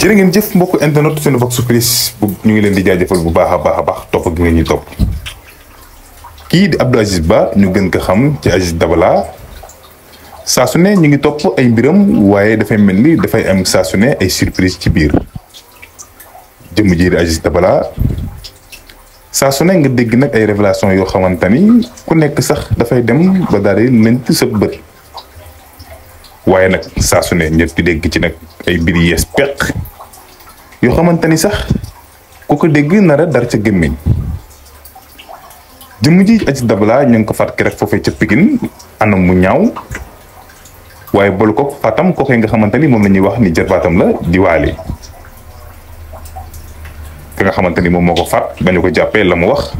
jere ngeen jëf mbokk internet seen Vox Plus bu ñu ngi leen di jaajëfal bu baaxa baaxa baax top baax topp gi nga ñuy kii di Abdou Aziz Ba ñu gën ko xam ci Aziz Dabala sa su ne ñu ngi top ay mbiram waye dafay melni ni dafay am sa su ne ay surprise ci biir jëm ji di Aziz Dabala sa su ne nga dégg nag ay révélation yoo xamantani ku nekk sax dafay dem ba daal di lënt sa waye nak sa su ne ñëpp di dégg ci nak ay bir xamanteni sax ku ko dégg nara dar ci gemmiñ jëmm ji aji dabla ñu ko fat ki rek fofé ci pikine anam mu ñaaw waye bol ko fatam kooke nga xamanteni ni lañuy wax ni jërbatam la di walé ka nga xamanteni mom moko fat bañu ko jappé lamu wax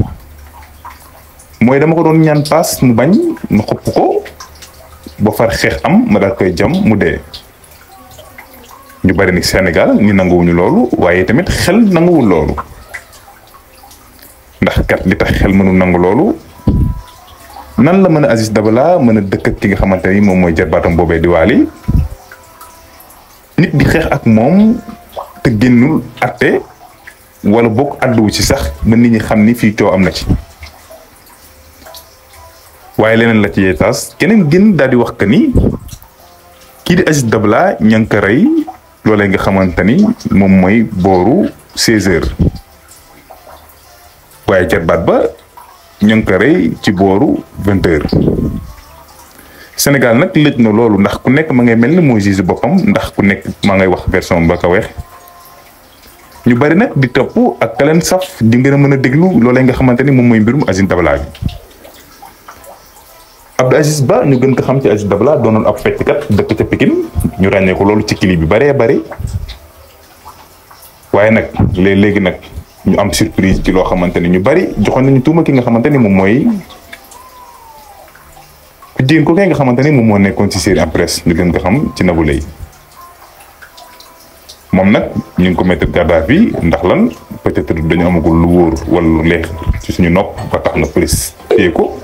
moy dama ko doon ñaan pass mu bañ mu xop ko bo far xeex am ma dal koy jam mu dee ñu bari ni Sénégal ñu nanguwuñu loolu waaye tamit xel nanguwul lolu ndax kat li tax xel mënu nangu lolu nan la mëna Aziz dabla mëna a dëkk ak ki nga xamanteni mom moy jabatam bobé di waali nit di xex ak mom te gennul atté wala bok addu ci sax ba nit ñi xamni fi fii am na ci waye leneen la ci tas keneen gën daal di wax que ni ki di Aziz dabla ña ngi ko rey loolee nga xamante mom moy boru 16h waye waaye bat ba ña rey ci boru 20 h Senegal nak lit na lolou ndax ku nek ma ngay melni moy jisu bopam ndax ku nek ma ngay wax version ba ka wex ñu bari nak di topp ak kalen saf di ngeena a deglu lolé nga xamante mom moy mbirum Abdou Aziz Ba ñu gën ko xam ci Aziz Dabla doonoon ab fecckat dëkk ca Pikine ñu ràññee ko loolu ci kili bi bëree bari waaye nag léeg-léegi nag ñu am surprise ci loo xamante ne ñu bari joxoon nañu tuuma ki nga xamante ni moom mooy ku jigéen ko kay nga xamante ni moom moo nekkoon ci série en ñu gën ko xam ci nabu lay moom nag ñu ngi ko mettre garde à ndax lan peut-être dañu amagul lu wóor wala lu leex ci suñu nopp ba tax na police téye ko.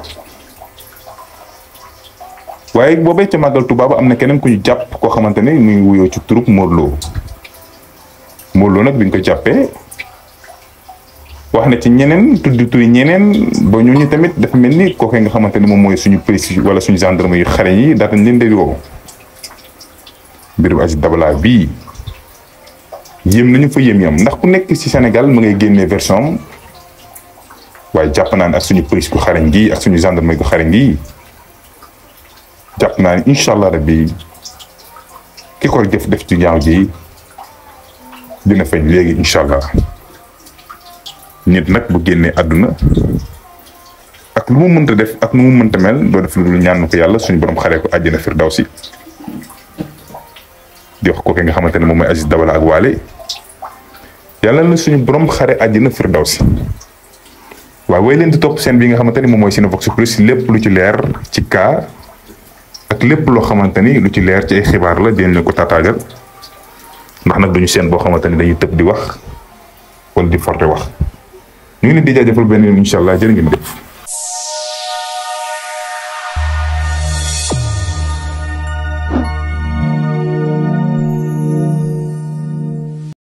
waaye boobee ca màggal Tuubaa am na keneen ku ñu jàpp koo xamante ne muy wuyoo ci turub Mor Lo nag bi ñu ko jàppee wax na ci ñeneen tudd turi ñeneen ba ñooñu tamit dafa mel ni kookee nga xamante ne moom mooy suñu police wala suñu gendarme yu xare yi daa tañ leen di woo mbirum Aziz Dabala bii yéem nañu fa yéem yam ndax ku nekk ci senegal mu ngay génnee version waaye jàpp naa ne ak suñu police gu xarañ gi ak suñu gendarme gu xarañ gi jàpp naa ni incha allah rabbi ki koy def def ci ñaaw ji dina feeñ léegi incha allah nit nag bu génnee àdduna ak lu mu mënta def ak lu mu mënta mel doo def lu ñaan ko yàlla suñu borom xaree ko àjjana firdawsi di wax ko ki nga xamante ne moom mooy Aziz Dabala ak Waale yàlla na suñu borom xare àjjana firdawsi waaye way leen di topp bi nga xamante moom mooy vox Plus lépp lu ci leer ci ak lépp loo xamante ni lu ci leer ci xibaar la dinañ leen ko taataagal ndax nag duñu seen boo xamante ni dañuy tëb di wax wala di forte wax ñu ngi leen di jaajëfal benn yoon incha allah jërë ngeen